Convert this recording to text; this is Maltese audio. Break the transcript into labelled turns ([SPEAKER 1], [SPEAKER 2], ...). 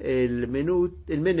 [SPEAKER 1] il-minut, il minut